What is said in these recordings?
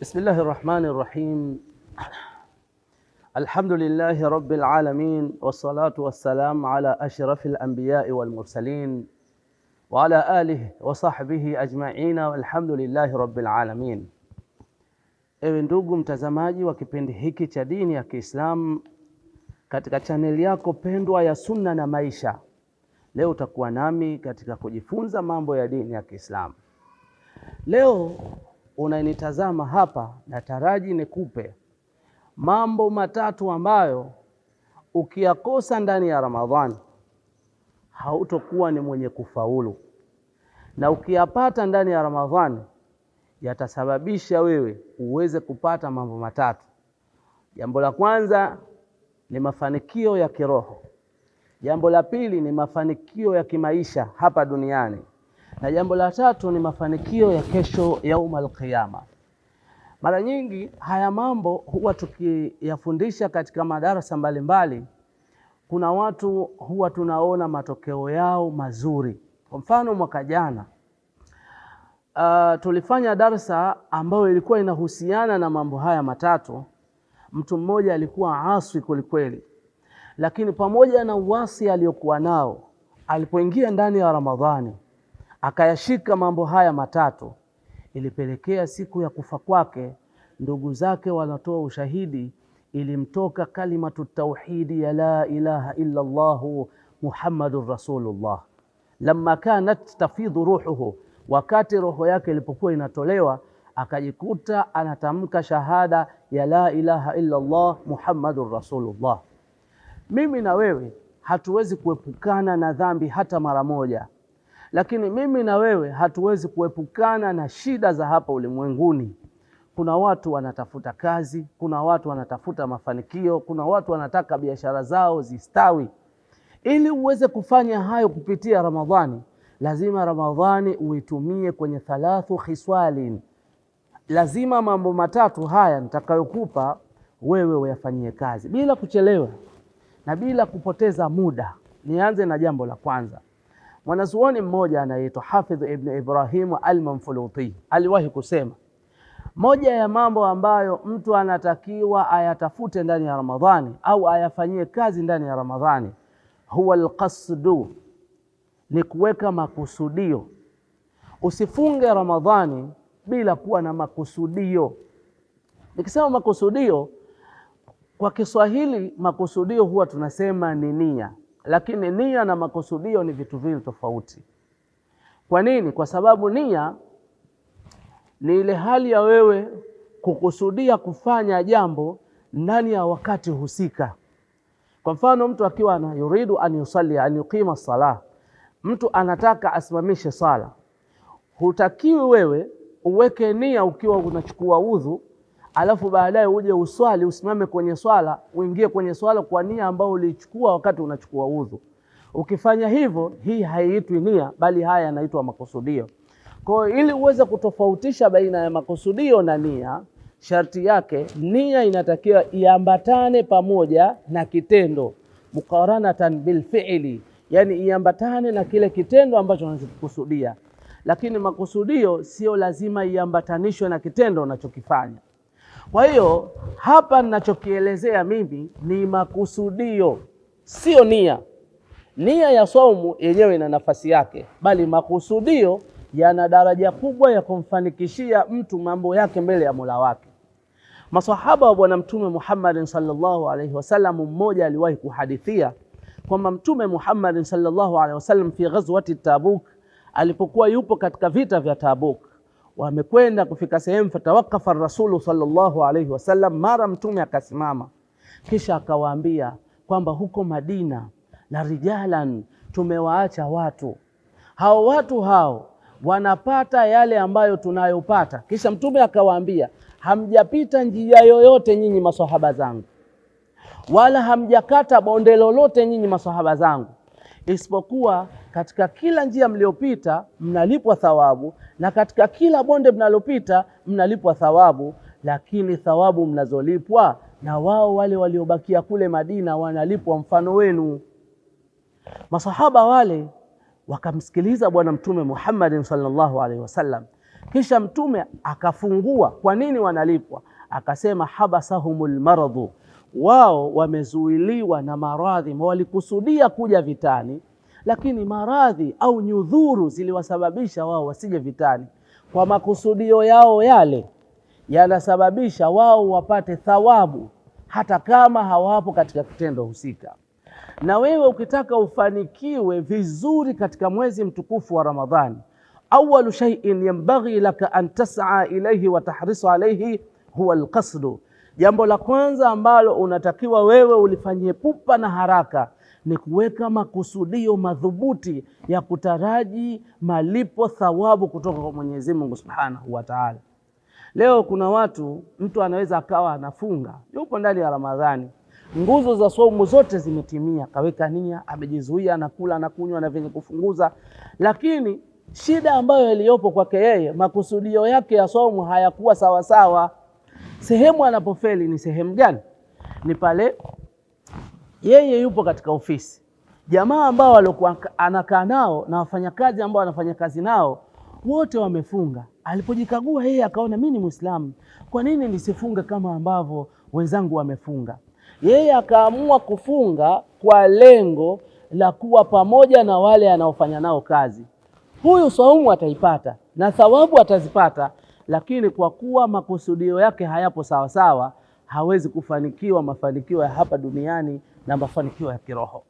Bismillahi rahmani rahim. Alhamdulillahi rabbil alamin wassalatu wassalamu ala ashrafil anbiyai wal mursalin wa ala alihi wa sahbihi ajmaina walhamdulillahi rabbil alamin. Ewe ndugu mtazamaji wa kipindi hiki cha dini ya Kiislamu katika chaneli yako pendwa ya Sunna na Maisha, leo utakuwa nami katika kujifunza mambo ya dini ya Kiislamu. Leo unanitazama hapa, nataraji nikupe mambo matatu ambayo ukiyakosa ndani ya Ramadhani hautokuwa ni mwenye kufaulu, na ukiyapata ndani ya Ramadhani yatasababisha wewe uweze kupata mambo matatu. Jambo la kwanza ni mafanikio ya kiroho, jambo la pili ni mafanikio ya kimaisha hapa duniani, na jambo la tatu ni mafanikio ya kesho yaumal qiyama. Mara nyingi haya mambo huwa tukiyafundisha katika madarasa mbalimbali, kuna watu huwa tunaona matokeo yao mazuri. Kwa mfano mwaka jana uh, tulifanya darsa ambayo ilikuwa inahusiana na mambo haya matatu. Mtu mmoja alikuwa aswi kwelikweli, lakini pamoja na uasi aliyokuwa nao, alipoingia ndani ya Ramadhani Akayashika mambo haya matatu, ilipelekea siku ya kufa kwake ndugu zake wanatoa ushahidi, ilimtoka kalimatu tauhidi ya la ilaha illa llahu muhammadun rasulullah lamma kanat tafidhu ruhuhu, wakati roho yake ilipokuwa inatolewa akajikuta anatamka shahada ya la ilaha illa llah muhammadun rasulullah. Mimi na wewe hatuwezi kuepukana na dhambi hata mara moja. Lakini mimi na wewe hatuwezi kuepukana na shida za hapa ulimwenguni. Kuna watu wanatafuta kazi, kuna watu wanatafuta mafanikio, kuna watu wanataka biashara zao zistawi. Ili uweze kufanya hayo kupitia Ramadhani, lazima Ramadhani uitumie kwenye thalathu khiswalin. Lazima mambo matatu haya nitakayokupa wewe uyafanyie kazi bila kuchelewa na bila kupoteza muda. Nianze na jambo la kwanza. Mwanazuoni mmoja anaitwa Hafidh Ibn Ibrahimu Almanfuluti aliwahi kusema, moja ya mambo ambayo mtu anatakiwa ayatafute ndani ya Ramadhani au ayafanyie kazi ndani ya Ramadhani, huwa alqasdu, ni kuweka makusudio. Usifunge Ramadhani bila kuwa na makusudio. Nikisema makusudio kwa Kiswahili, makusudio huwa tunasema ni nia lakini nia na makusudio ni vitu viwili tofauti. Kwa nini? Kwa sababu nia ni ile hali ya wewe kukusudia kufanya jambo ndani ya wakati husika. Kwa mfano, mtu akiwa ana yuridu an yusalli an yuqima salah, mtu anataka asimamishe sala, hutakiwi wewe uweke nia ukiwa unachukua udhu alafu baadaye uje uswali, usimame kwenye swala, uingie kwenye swala kwa nia ambayo ulichukua wakati unachukua udhu. Ukifanya hivyo, hii haiitwi nia, bali haya yanaitwa makusudio. Kwa hiyo ili uweze kutofautisha baina ya makusudio na nia, sharti yake nia inatakiwa iambatane pamoja na kitendo, muqaranatan bilfiili, yani iambatane na kile kitendo ambacho unachokusudia. Lakini makusudio sio lazima iambatanishwe na kitendo unachokifanya. Kwa hiyo hapa ninachokielezea mimi ni makusudio, sio nia. Nia ya saumu yenyewe ina nafasi yake, bali makusudio yana daraja kubwa ya kumfanikishia mtu mambo yake mbele ya Mola wake. Masahaba wa Bwana Mtume Muhammad sallallahu alaihi wasallam, mmoja aliwahi kuhadithia kwamba Mtume Muhammad sallallahu alaihi wasallam fi ghazwati Tabuk, alipokuwa yupo katika vita vya Tabuk wamekwenda kufika sehemu, fatawakafa rasulu sallallahu alaihi wasallam, mara mtume akasimama, kisha akawaambia kwamba huko Madina la rijalan, tumewaacha watu hao, watu hao wanapata yale ambayo tunayopata. Kisha mtume akawaambia, hamjapita njia yoyote nyinyi masahaba zangu, wala hamjakata bonde lolote nyinyi masahaba zangu, isipokuwa katika kila njia mliyopita mnalipwa thawabu, na katika kila bonde mnalopita mnalipwa thawabu, lakini thawabu mnazolipwa na wao wale waliobakia kule Madina wanalipwa mfano wenu. Masahaba wale wakamsikiliza Bwana Mtume Muhammad sallallahu alaihi wasallam, kisha Mtume akafungua kwa nini wanalipwa, akasema habasahumul maradhu, wao wamezuiliwa na maradhi, walikusudia kuja vitani lakini maradhi au nyudhuru ziliwasababisha wao wasije vitani kwa makusudio yao yale yanasababisha wao wapate thawabu hata kama hawapo katika kitendo husika. Na wewe ukitaka ufanikiwe vizuri katika mwezi mtukufu wa Ramadhani, awalu shay'in yanbaghi laka an tas'a ilayhi wa tahrisu alayhi huwa alqasdu Jambo la kwanza ambalo unatakiwa wewe ulifanyie pupa na haraka ni kuweka makusudio madhubuti ya kutaraji malipo thawabu kutoka kwa Mwenyezi Mungu Subhanahu wa Ta'ala. Leo kuna watu, mtu anaweza akawa anafunga, yupo ndani ya Ramadhani, nguzo za saumu zote zimetimia, kaweka nia, amejizuia, anakula, anakunywa na vyenye kufunguza, lakini shida ambayo iliyopo kwake yeye, makusudio yake ya saumu hayakuwa sawasawa sawa. Sehemu anapofeli ni sehemu gani? Ni pale yeye yupo katika ofisi, jamaa ambao alikuwa anakaa nao na wafanyakazi ambao anafanya kazi nao wote wamefunga. Alipojikagua yeye akaona, mimi ni Muislamu, kwa nini nisifunge kama ambavyo wenzangu wamefunga? Yeye akaamua kufunga kwa lengo la kuwa pamoja na wale anaofanya nao kazi. Huyu saumu ataipata na thawabu atazipata, lakini kwa kuwa makusudio yake hayapo sawasawa, hawezi kufanikiwa mafanikio ya hapa duniani na mafanikio ya kiroho.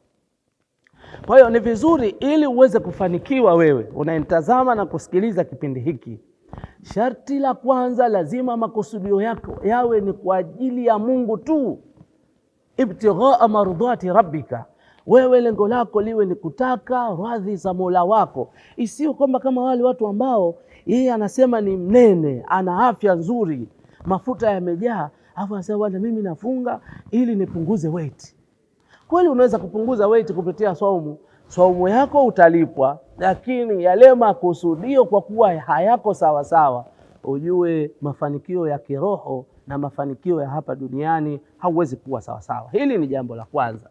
Kwa hiyo ni vizuri, ili uweze kufanikiwa wewe unayenitazama na kusikiliza kipindi hiki, sharti la kwanza, lazima makusudio yako yawe ni kwa ajili ya Mungu tu, ibtighaa mardhati rabbika wewe lengo lako liwe ni kutaka radhi za Mola wako, isiyo kwamba kama wale watu ambao yeye anasema ni mnene, ana afya nzuri, mafuta yamejaa, afu anasema bwana, mimi nafunga ili nipunguze weight. Kweli unaweza kupunguza weight kupitia saumu. Saumu yako utalipwa, lakini yale makusudio kwa kuwa hayako sawasawa sawa, ujue mafanikio ya kiroho na mafanikio ya hapa duniani hauwezi kuwa sawasawa sawa. Hili ni jambo la kwanza.